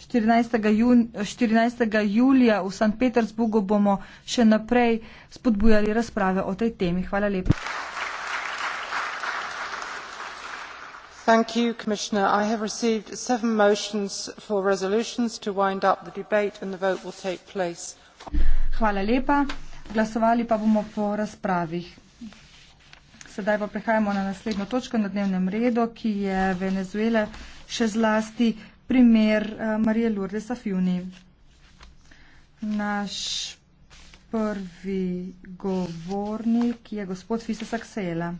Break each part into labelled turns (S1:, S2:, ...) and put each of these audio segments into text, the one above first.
S1: 14. Jun, 14. julija v St. Petersburgu bomo še naprej spodbujali razprave o tej temi. Hvala lepa. Thank you, Commissioner. I have received seven motions for resolutions to wind up the debate and the vote will take place. Hvala lepa. Glasovali pa bomo po razpravih. Sedaj pa prehajamo na naslednjo točko na dnevnem redu, ki je Venezuela še zlasti primer eh, Marije Lourdes Afjuni. Naš prvi govornik je gospod Fisa Saksela.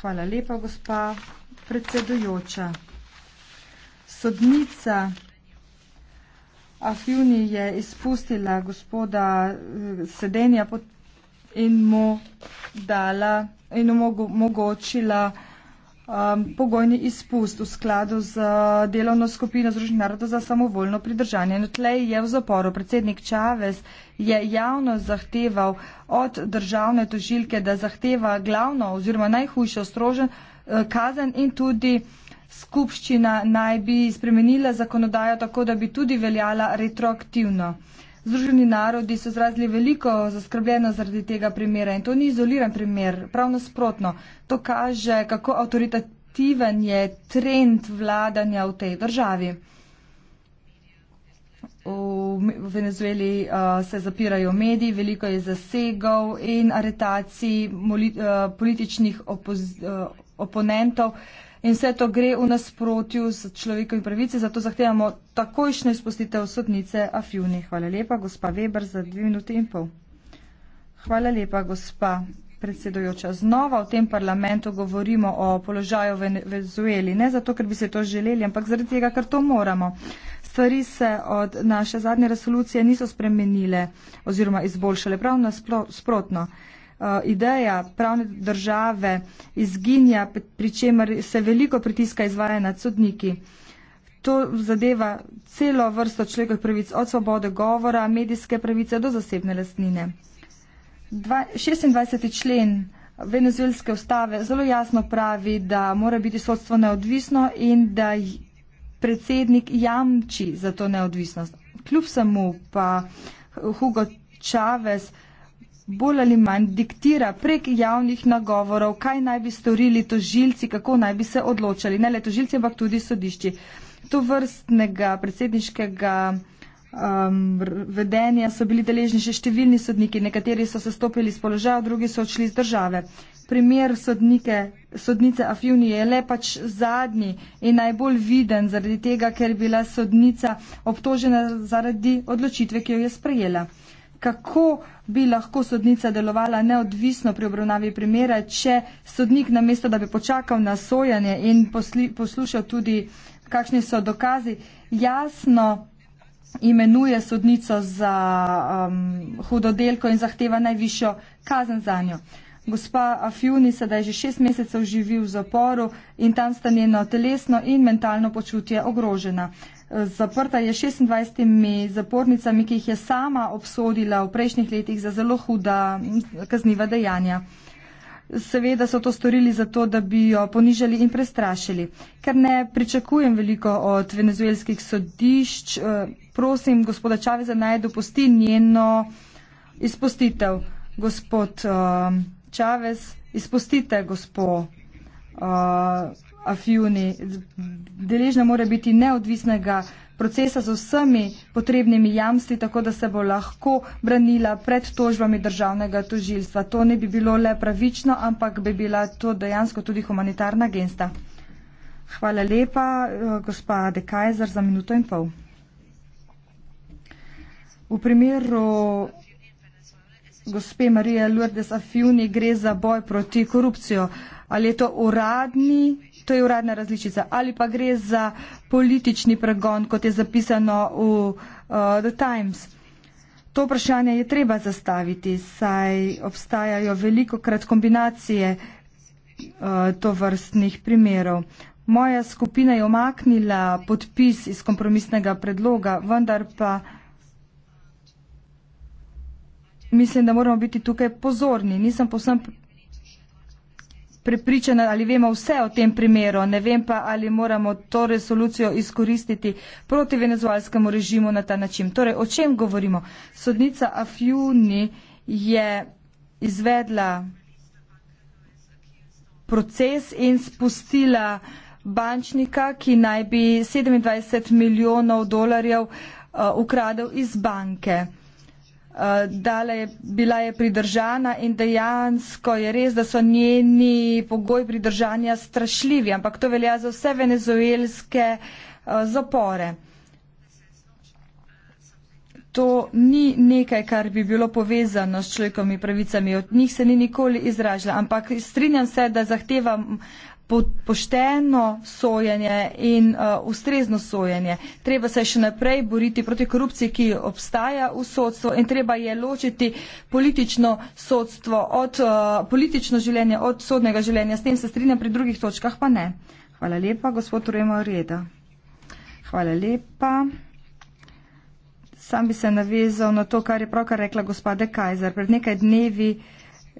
S1: Hvala lepa, gospa predsedujoča. Sodnica Afjuni je izpustila gospoda eh, sedenja in mu dala in omogočila mogo, um, pogojni izpust v skladu z uh, delovno skupino Združenih narodov za samovoljno pridržanje. In tlej je v zaporu predsednik Čavez je javno zahteval od državne tožilke, da zahteva glavno oziroma najhujšo strožen uh, kazen in tudi skupščina naj bi spremenila zakonodajo tako, da bi tudi veljala retroaktivno. Uh, Združeni narodi so izrazili veliko zaskrbljeno zaradi tega primera in to ni izoliran primer, prav nasprotno. To kaže, kako avtoritativen je trend vladanja v tej državi. V Venezueli uh, se zapirajo mediji, veliko je zasegov in aretacij molit, uh, političnih opoz, uh, oponentov in vse to gre v nasprotju s človekovimi pravici, zato zahtevamo takojšnjo izpustitev sodnice Afjuni. Hvala lepa, gospa Weber, za dve minuti in pol. Hvala lepa, gospa predsedojoča. Znova v tem parlamentu govorimo o položaju v Venezueli, ne zato, ker bi se to želeli, ampak zaradi tega, ker to moramo. Stvari se od naše zadnje resolucije niso spremenile oziroma izboljšale, prav nasprotno. Spro, Eh, ideja pravne države izginja, pri čemer se veliko pritiska izvaja nad sodniki. To zadeva celo vrsto človekovih pravic, od svobode govora, medijske pravice do zasebne lastnine. 26. člen venezuelske ustave zelo jasno pravi, da mora biti sodstvo neodvisno in da predsednik jamči za to neodvisnost. Kljub samo pa Hugo Čavez bolj ali manj diktira prek javnih nagovorov, kaj naj bi storili tožilci, kako naj bi se odločali. Ne le tožilci, ampak tudi sodišči. To vrstnega predsedniškega um, vedenja so bili deležni še številni sodniki. Nekateri so se stopili z položaja, drugi so odšli z države. Primer sodnike, sodnice Afjuni je le pač zadnji in najbolj viden zaradi tega, ker je bila sodnica obtožena zaradi odločitve, ki jo je sprejela kako bi lahko sodnica delovala neodvisno pri obravnavi primera, če sodnik namesto, da bi počakal na sojanje in poslušal tudi, kakšni so dokazi, jasno imenuje sodnico za um, hudodelko in zahteva najvišjo kazen za njo. Gospa Afjuni sedaj že šest mesecev živi v zaporu in tam sta njeno telesno in mentalno počutje ogrožena. Zaprta je 26 zapornicami, ki jih je sama obsodila v prejšnjih letih za zelo huda kazniva dejanja. Seveda so to storili zato, da bi jo ponižali in prestrašili. Ker ne pričakujem veliko od venezuelskih sodišč, eh, prosim gospoda Čaveza naj dopusti njeno izpustitev. Gospod eh, Čavez, izpustite gospod. Eh, Afjuni. Deležna mora biti neodvisnega procesa z vsemi potrebnimi jamstvi, tako da se bo lahko branila pred tožbami državnega tožilstva. To ne bi bilo le pravično, ampak bi bila to dejansko tudi humanitarna gesta. Hvala lepa, eh, gospa Dekajzer, za minuto in pol. V primeru gospe Marije Lourdes Afjuni gre za boj proti korupcijo. Ali je to uradni to je uradna različica, ali pa gre za politični pregon, kot je zapisano v uh, The Times. To vprašanje je treba zastaviti, saj obstajajo veliko krat kombinacije uh, tovrstnih primerov. Moja skupina je omaknila podpis iz kompromisnega predloga, vendar pa mislim, da moramo biti tukaj pozorni. Nisem posebno prepričana ali vemo vse o tem primeru, ne vem pa, ali moramo to resolucijo izkoristiti proti venezualskemu režimu na ta način. Torej, o čem govorimo? Sodnica Afjuni je izvedla proces in spustila bančnika, ki naj bi 27 milijonov dolarjev eh, ukradel iz banke. Eh, dala je, bila je pridržana in dejansko je res, da so njeni pogoji pridržanja strašljivi, ampak to velja za vse venezuelske eh, zapore. To ni nekaj, kar bi bilo povezano s človekovimi pravicami, od njih se ni nikoli izražila, ampak strinjam se, da zahtevam uh, pošteno sojenje in uh, ustrezno sojenje. Treba se še naprej boriti proti korupciji, ki obstaja v sodstvu in treba je ločiti politično sodstvo od uh, politično življenje, od sodnega življenja. S tem se strinjam, pri drugih točkah pa ne. Hvala lepa, gospod Rojmo Reda. Hvala lepa. Sam bi se navezal na to, kar je pravkar rekla gospode Kajzer. Pred nekaj dnevi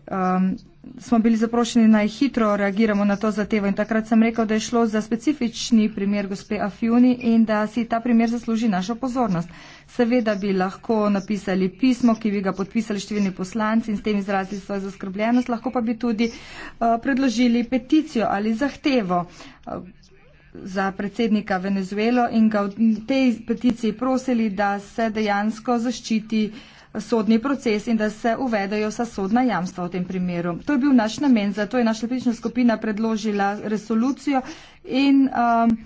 S1: um, smo bili zaprošeni naj hitro reagiramo na to zatevo in takrat sem rekel, da je šlo za specifični primer gospe Afjuni in da si ta primer zasluži našo pozornost. Seveda bi lahko napisali pismo, ki bi ga podpisali številni poslanci in s tem izrazili svojo zaskrbljenost, lahko pa bi tudi uh, predložili peticijo ali zahtevo eh, za predsednika Venezuelo in ga v tej peticiji prosili, da se dejansko zaščiti uh, sodni proces in da se uvedejo vsa sodna jamstva v tem primeru. To je bil naš namen, zato je naša lepična skupina predložila resolucijo in um,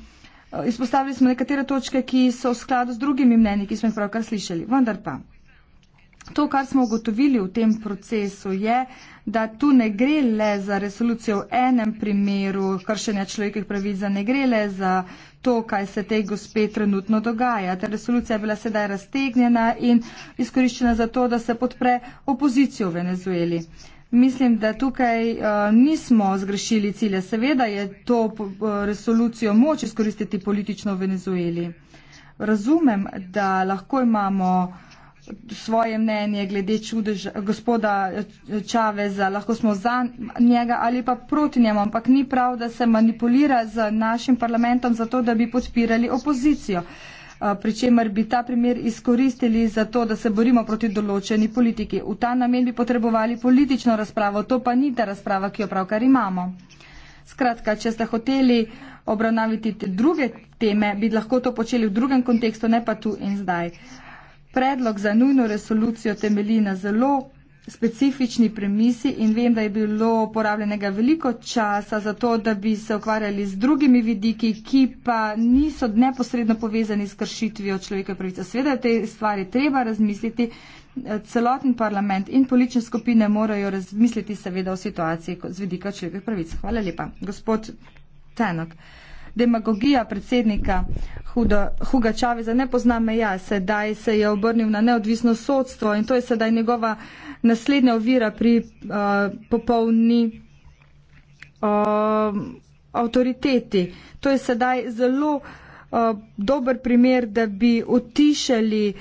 S1: izpostavili smo nekatere točke, ki so v skladu z drugimi mnenji, ki smo jih pravkar slišali. Vendar pa, to, kar smo ugotovili v tem procesu, je, da tu ne gre le za resolucijo v enem primeru kršenja človekovih pravic, da ne gre le za to, kaj se tej gospe trenutno dogaja. Ta resolucija je bila sedaj raztegnjena in izkoriščena za to, da se podpre opozicijo v Venezueli. Mislim, da tukaj uh, nismo zgrešili cilje. Seveda je to uh, resolucijo moč izkoristiti politično v Venezueli. Razumem, da lahko imamo svoje mnenje glede čudeža, gospoda Čaveza, lahko smo za njega ali pa proti njemu, ampak ni prav, da se manipulira z našim parlamentom zato, da bi podpirali opozicijo, eh, pri čemer bi ta primer izkoristili za to, da se borimo proti določeni politiki. V ta namen bi potrebovali politično razpravo, to pa ni ta razprava, ki jo pravkar imamo. Skratka, če ste hoteli obravnaviti te druge teme, bi lahko to počeli v drugem kontekstu, ne pa tu in zdaj predlog za nujno resolucijo temelji na zelo specifični premisi in vem, da je bilo porabljenega veliko časa za to, da bi se ukvarjali z drugimi vidiki, ki pa niso neposredno povezani s kršitvijo človekove pravice. Sveda je te stvari treba razmisliti, celoten parlament in politične skupine morajo razmisliti seveda o situaciji z vidika človekove pravice. Hvala lepa. Gospod Tenok demagogija predsednika Huda, Huga Čaveza ne pozna meja, sedaj se je obrnil na neodvisno sodstvo in to je sedaj njegova naslednja ovira pri uh, popolni uh, avtoriteti. To je sedaj zelo uh, dober primer, da bi utišali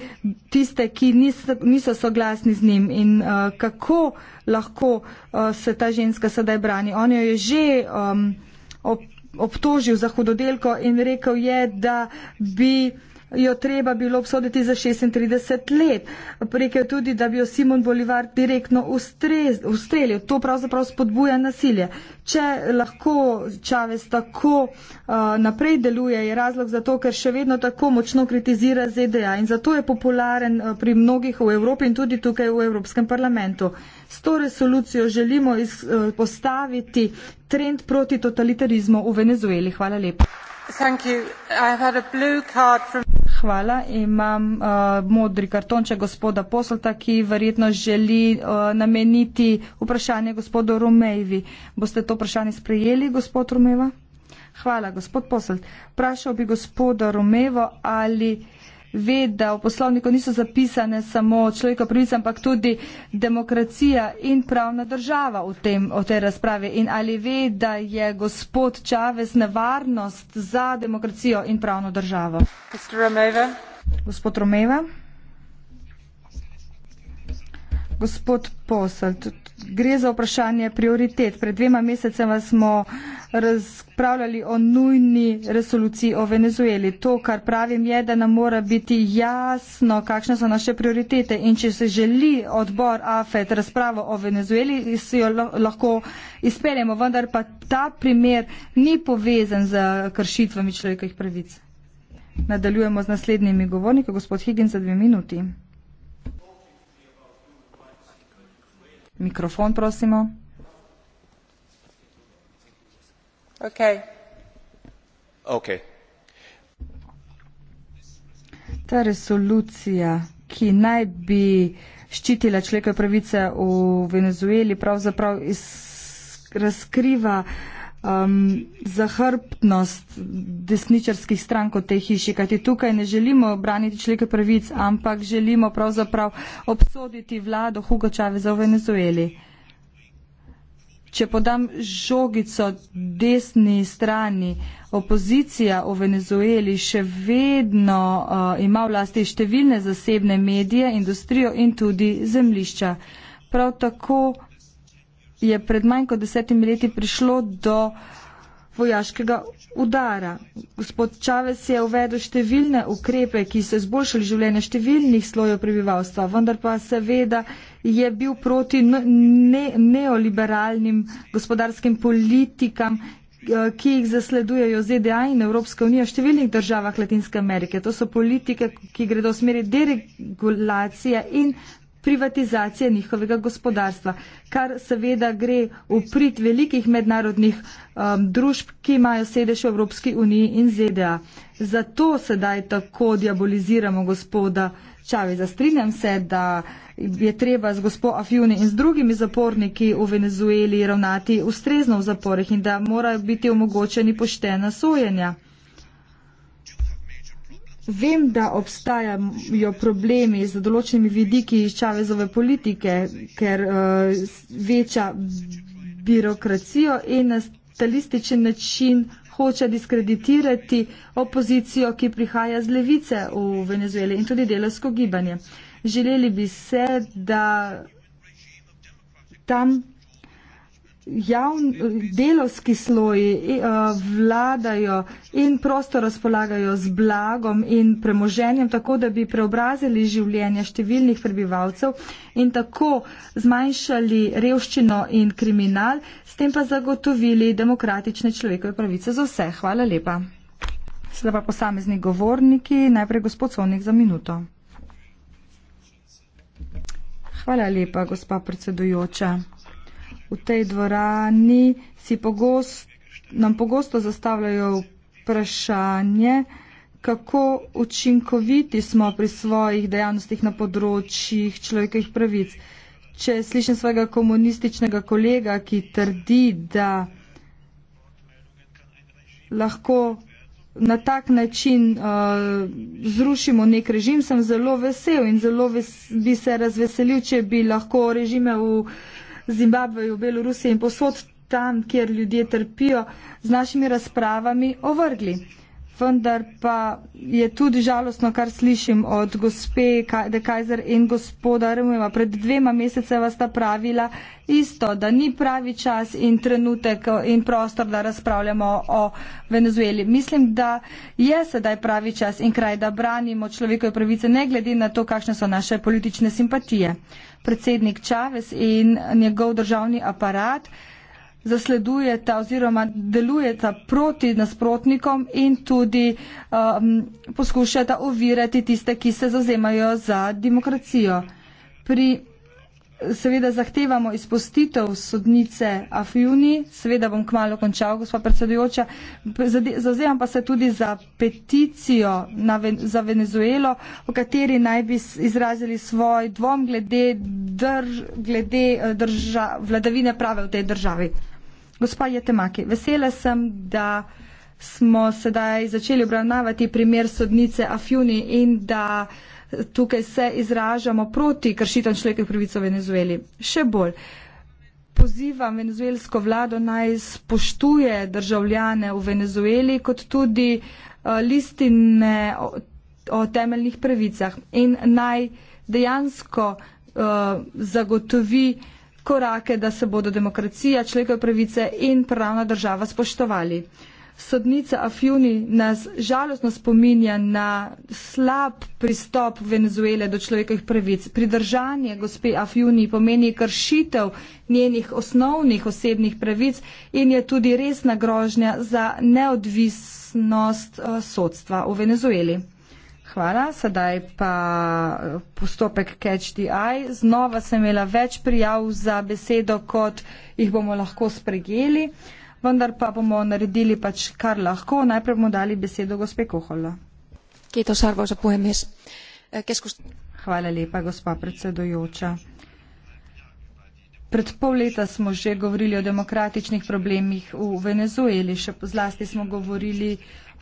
S1: tiste, ki niso, niso soglasni z njim in uh, kako lahko uh, se ta ženska sedaj brani. On jo je že um, opisal obtožil za hudodelko in rekel je, da bi jo treba bilo obsoditi za 36 let. Prekel tudi, da bi jo Simon Bolivar direktno ustrez, ustrelil. To pravzaprav spodbuja nasilje. Če lahko Čavez tako uh, naprej deluje, je razlog za to, ker še vedno tako močno kritizira ZDA in zato je popularen uh, pri mnogih v Evropi in tudi tukaj v Evropskem parlamentu. S to resolucijo želimo iz, uh, postaviti trend proti totalitarizmu v Venezueli. Hvala lepa. Thank you. I have had a blue card from hvala. Imam uh, modri kartonček gospoda Poslata, ki verjetno želi uh, nameniti vprašanje gospodu Romejvi. Boste to vprašanje sprejeli, gospod Romeva? Hvala, gospod Poslat. Prašal bi gospoda Romevo, ali. Uh, ve, da v poslovniku niso zapisane samo človekove pravice, ampak tudi demokracija in pravna država v tem, o tej razpravi. In ali ve, da je gospod Čavez nevarnost za demokracijo in pravno državo? Romeva. Gospod Romeva. Gospod Posel, tudi gre za vprašanje prioritet. Pred dvema mesecema smo razpravljali o nujni resoluciji o Venezueli. To, kar pravim, je, da nam mora biti jasno, kakšne so naše prioritete in če se želi odbor AFET razpravo o Venezueli, si jo lahko izpeljemo, vendar pa ta primer ni povezan z kršitvami človekovih pravic. Nadaljujemo z naslednjimi govorniki, gospod Higgins, za dve minuti. Mikrofon, prosimo.
S2: Ok. Ok.
S1: Ta resolucija, ki naj bi ščitila človekove pravice v Venezueli, pravzaprav iz, razkriva uh, um, zahrbtnost desničarskih strank v tej hiši, kajti tukaj ne želimo braniti človeka pravic, ampak želimo pravzaprav obsoditi vlado Hugo Čaveza v Venezueli. Če podam žogico desni strani, opozicija v Venezueli še vedno uh, ima v lasti številne zasebne medije, industrijo in tudi zemlišča. Prav tako je pred manj kot desetimi leti prišlo do vojaškega udara. Gospod Čavez je uvedel številne ukrepe, ki so izboljšali življenje številnih slojev prebivalstva, vendar pa seveda je bil proti ne neoliberalnim gospodarskim politikam, eh, ki jih zasledujejo ZDA in Evropska unija v številnih državah Latinske Amerike. To so politike, ki gredo v smeri deregulacije in privatizacije njihovega gospodarstva, kar seveda gre v prid velikih mednarodnih um, družb, ki imajo sedež v Evropski uniji in ZDA. Zato sedaj tako diaboliziramo gospoda Čaveza. Strinjam se, da je treba z gospo Afjuni in z drugimi zaporniki v Venezueli ravnati ustrezno v zaporih in da morajo biti omogočeni poštena sojenja. Vem, da obstajajo problemi z določenimi vidiki Čavezove politike, ker uh, veča birokracijo in na stalističen način hoče diskreditirati opozicijo, ki prihaja z levice v Venezueli in tudi delovsko gibanje. Želeli bi se, da tam javn, delovski sloji e, vladajo in prosto razpolagajo z blagom in premoženjem, tako da bi preobrazili življenje številnih prebivalcev in tako zmanjšali revščino in kriminal, s tem pa zagotovili demokratične človekove pravice za vse. Hvala lepa. Sedaj pa posamezni govorniki, najprej gospod Sonik za minuto. Hvala lepa, gospa predsedujoča v tej dvorani si pogosto, nam pogosto zastavljajo vprašanje, kako učinkoviti smo pri svojih dejavnostih na področjih človekovih pravic. Če slišim svojega komunističnega kolega, ki trdi, da lahko na tak način uh, zrušimo nek režim, sem zelo vesel in zelo ves bi se razveselil, če bi lahko režime v uh, Zimbabveju, Belorusiji in posod tam, kjer ljudje trpijo, z našimi razpravami ovrgli. Vendar pa je tudi žalostno, kar slišim od gospe De Kajzer in gospoda Rmujeva. Pred dvema meseceva sta pravila isto, da ni pravi čas in trenutek in prostor, da razpravljamo o Venezueli. Mislim, da je sedaj pravi čas in kraj, da branimo človekove pravice, ne glede na to, kakšne so naše politične simpatije predsednik Čavez in njegov državni aparat zasledujeta oziroma delujeta proti nasprotnikom in tudi um, poskušata ovirati tiste, ki se zazemajo za demokracijo. Pri seveda zahtevamo izpostitev sodnice Afjuni, seveda bom kmalo končal, gospa predsedujoča, zazemam pa se tudi za peticijo na, za Venezuelo, v kateri naj bi izrazili svoj dvom glede, dr, glede eh, drža, vladavine prave v tej državi. Gospa Jetemaki, vesela sem, da smo sedaj začeli obravnavati primer sodnice Afjuni in da tukaj se izražamo proti kršitam človekovih pravic v Venezueli. Še bolj. Pozivam venezuelsko vlado naj spoštuje državljane v Venezueli, kot tudi eh, listine o, o temeljnih pravicah in naj dejansko uh, zagotovi korake, da se bodo demokracija, človekove pravice in pravna država spoštovali. Uh, Sodnica Afjuni nas žalostno spominja na slab pristop Venezuele do človekovih pravic. Pridržanje gospe Afjuni pomeni kršitev njenih osnovnih osebnih pravic in je tudi resna grožnja za neodvisnost eh, sodstva v Venezueli. Hvala, sedaj pa eh, postopek Catch the Eye. Znova sem imela več prijav za besedo, kot jih bomo lahko spregeli. Uh, vendar pa bomo naredili pač kar lahko. Najprej bomo dali besedo gospe Kohola. Eh, Hvala lepa, gospa predsedojoča. Pred pol leta smo že govorili o demokratičnih problemih v Venezueli, še pozlasti smo govorili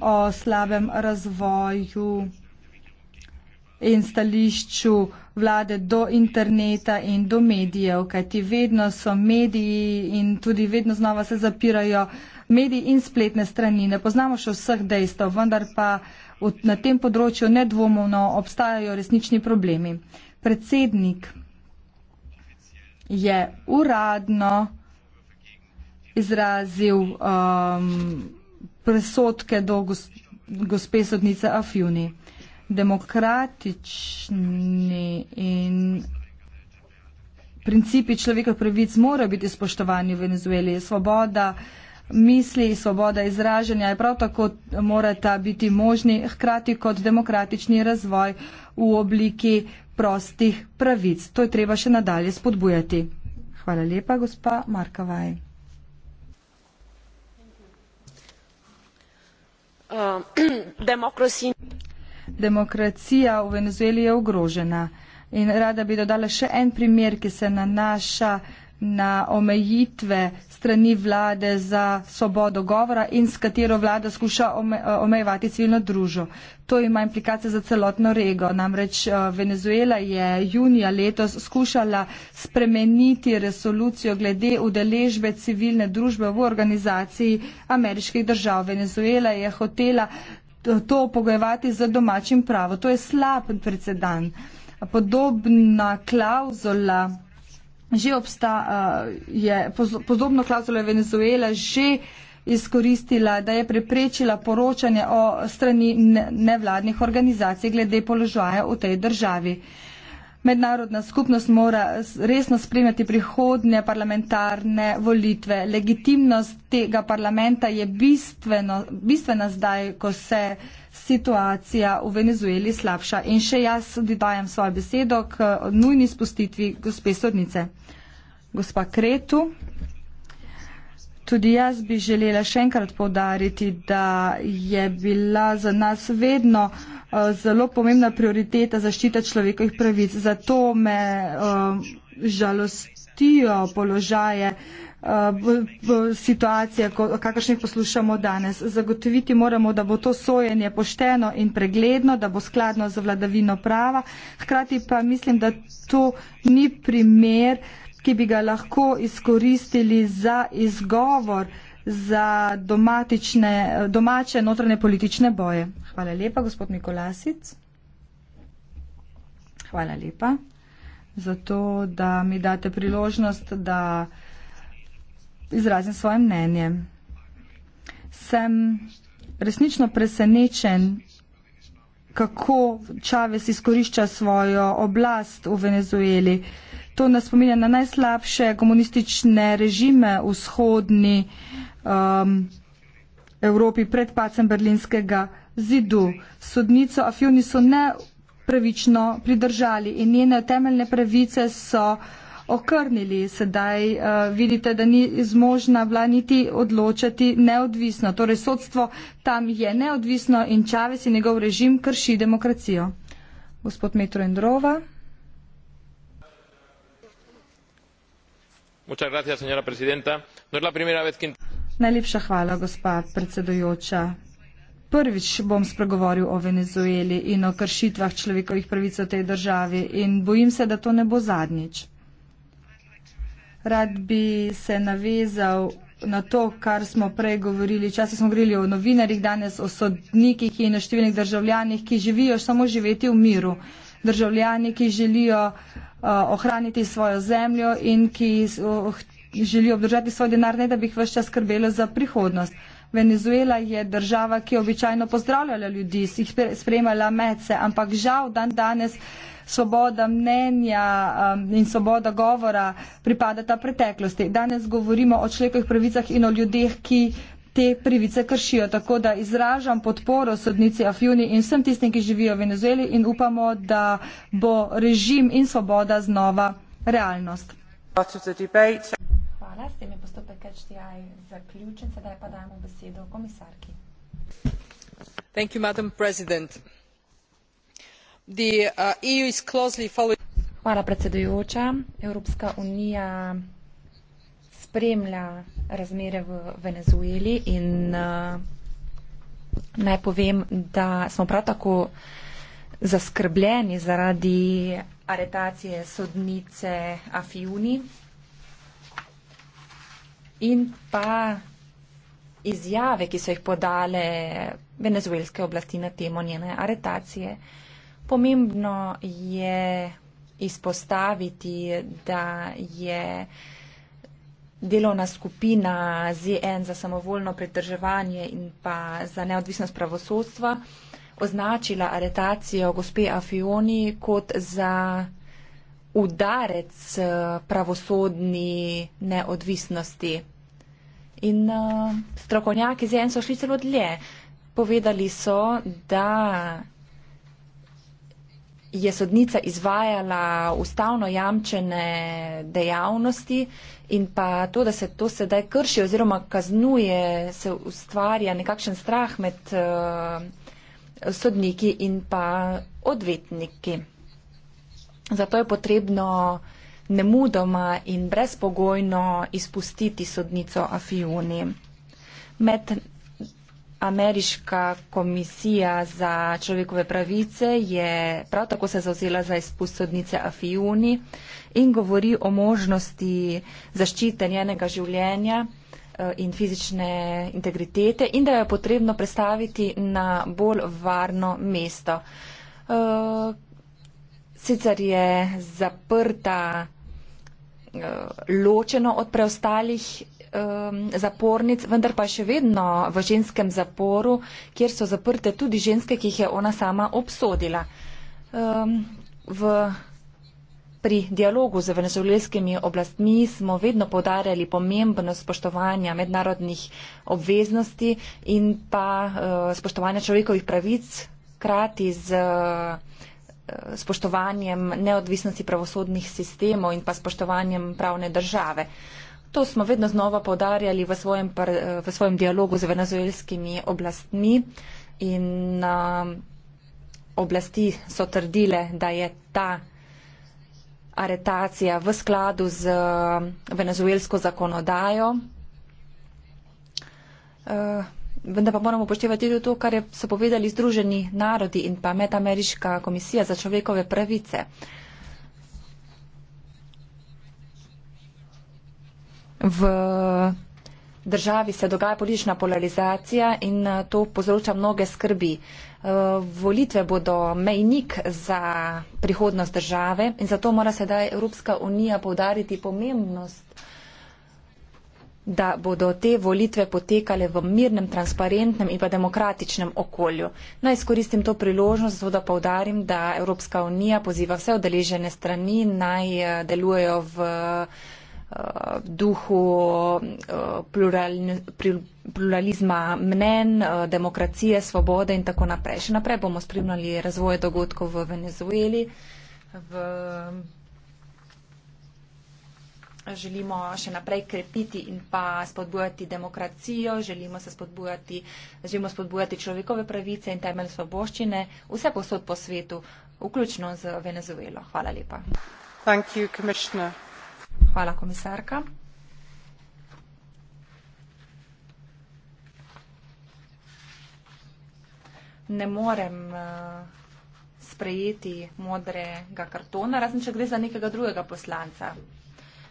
S1: o slabem razvoju in stališču vlade do interneta in do medijev, kajti vedno so mediji in tudi vedno znova se zapirajo mediji in spletne strani. Ne poznamo še vseh dejstev, vendar pa na tem področju nedvomovno obstajajo resnični problemi. Predsednik je uradno izrazil um, presodke do gospe sodnice Afjuni demokratični in principi človekov pravic morajo biti spoštovani v Venezueli. Svoboda misli, svoboda izražanja je prav tako morata biti možni hkrati kot demokratični razvoj v obliki prostih pravic. To je treba še nadalje spodbujati. Hvala lepa, gospa Markavaj.
S2: Uh,
S1: demokracija v Venezueli je ogrožena. In rada bi dodala še en primer, ki se nanaša na omejitve strani vlade za svobodo govora in s katero vlada skuša omejevati civilno družo. To ima implikacije za celotno rego. Namreč eh, Venezuela je junija letos skušala spremeniti resolucijo glede udeležbe civilne družbe v organizaciji ameriških držav. Venezuela je hotela to pogojevati z domačim pravo. To je slab precedan. Podobna klauzula že obsta, je, podobno klauzulo je Venezuela že izkoristila, da je preprečila poročanje o strani nevladnih organizacij glede položaja v tej državi. Uh, Mednarodna skupnost mora resno spremljati prihodnje parlamentarne volitve. Legitimnost tega parlamenta je bistveno, bistvena zdaj, ko se situacija v Venezueli slabša. In še jaz dodajam svojo besedo k eh, nujni spustitvi gospe sodnice. Gospa Kretu, tudi jaz bi želela še enkrat povdariti, da je bila za nas vedno. Eh, zelo pomembna prioriteta zaščita človekovih pravic. Zato me uh, žalostijo položaje, uh, situacije, kakršne poslušamo danes. Zagotoviti moramo, da bo to sojenje pošteno in pregledno, da bo skladno z vladavino prava. Hkrati pa mislim, da to ni primer, ki bi ga lahko izkoristili za izgovor. Uh, za domatične, domače notranje politične boje. Hvala lepa, gospod Mikolasic. Hvala lepa za to, da mi date priložnost, da izrazim svoje mnenje. Sem resnično presenečen, kako Čavez izkorišča svojo oblast v Venezueli. To nas spominja na najslabše komunistične režime vzhodni uh, um, Evropi pred pacem berlinskega zidu. Sodnico Afjuni so nepravično pridržali in njene temeljne pravice so okrnili. Sedaj uh, vidite, da ni zmožna bila niti odločati neodvisno. Torej sodstvo tam je neodvisno in Čavez in njegov režim krši demokracijo. Gospod Metro Endrova. Muchas gracias, señora presidenta. No es la primera vez que. Najlepša hvala, gospa predsedujoča. Prvič bom spregovoril o Venezueli in o kršitvah človekovih pravic v tej državi in bojim se, da to ne bo zadnjič. Rad bi se navezal na to, kar smo prej govorili. Včasih smo govorili o novinarjih, danes o sodnikih in o številnih državljanih, ki živijo samo živeti v miru. Državljani, ki želijo uh, ohraniti svojo zemljo in ki uh, želi obdržati svoj denar, ne da bi jih vse čas skrbelo za prihodnost. Venezuela je država, ki je običajno pozdravljala ljudi, si jih sprejemala mece, ampak žal dan danes svoboda mnenja um, in svoboda govora pripadata preteklosti. Danes govorimo o človekovih pravicah in o ljudeh, ki te pravice kršijo. Tako da izražam podporo sodnici Afjuni in vsem tistim, ki živijo v Venezueli in upamo, da bo režim in svoboda znova realnost.
S2: Hvala. S tem je postopek HDI zaključen. Sedaj pa dajemo besedo komisarki.
S1: Thank you, Madam President.
S2: The uh, EU is closely following. Hvala, predsedujoča. Evropska unija spremlja razmere v Venezueli in uh, naj povem, da smo prav tako zaskrbljeni zaradi aretacije sodnice Afiuni in pa izjave, ki so jih podale venezuelske oblasti na temo njene aretacije. Pomembno je izpostaviti, da je delovna skupina ZN za samovoljno pridrževanje in pa za neodvisnost pravosodstva označila aretacijo gospe Afioni kot za udarec eh, pravosodni neodvisnosti. In uh, strokovnjaki z en so šli celo dlje. Povedali so, da je sodnica izvajala ustavno jamčene dejavnosti in pa to, da se to sedaj krši oziroma kaznuje, se ustvarja nekakšen strah med uh, sodniki in pa odvetniki. Zato je potrebno nemudoma in brezpogojno izpustiti sodnico Afijuni. Med ameriška komisija za človekove pravice je prav tako se zauzela za izpust sodnice Afijuni in govori o možnosti zaščite njenega življenja eh, in fizične integritete in da jo je potrebno predstaviti na bolj varno mesto. Eh, sicer je zaprta eh, ločeno od preostalih ehm, zapornic, vendar pa še vedno v ženskem zaporu, kjer so zaprte tudi ženske, ki jih je ona sama obsodila. Ehm, v, pri dialogu z venezuelskimi oblastmi smo vedno podarjali pomembnost spoštovanja mednarodnih obveznosti in pa eh, spoštovanja človekovih pravic krati z spoštovanjem neodvisnosti pravosodnih sistemov in pa spoštovanjem pravne države. To smo vedno znova povdarjali v svojem, v svojem dialogu z venezuelskimi oblastmi in oblasti so trdile, da je ta aretacija v skladu z venezuelsko zakonodajo. Eh, vendar pa moramo upoštevati tudi to, kar so povedali Združeni narodi in pa Medameriška komisija za človekove pravice. V državi se dogaja politična polarizacija in eh, to povzroča mnoge skrbi. Eh, volitve bodo mejnik za prihodnost države in zato mora sedaj Evropska unija povdariti pomembnost da bodo te volitve potekale v mirnem, transparentnem in pa demokratičnem okolju. Naj izkoristim to priložnost, zato da povdarim, da Evropska unija poziva vse odeležene strani naj eh, delujejo v eh, duhu eh, pluralizma mnen, demokracije, svobode in tako naprej. Še naprej bomo spremljali razvoje dogodkov v Venezueli, v želimo še naprej krepiti in pa spodbujati demokracijo, želimo, spodbujati, želimo spodbujati človekove pravice in temelj svoboščine vse posod po svetu, vključno z Venezuelo. Hvala lepa. You, Hvala, komisarka. Ne morem eh, sprejeti modrega kartona, razen če gre za nekega drugega poslanca.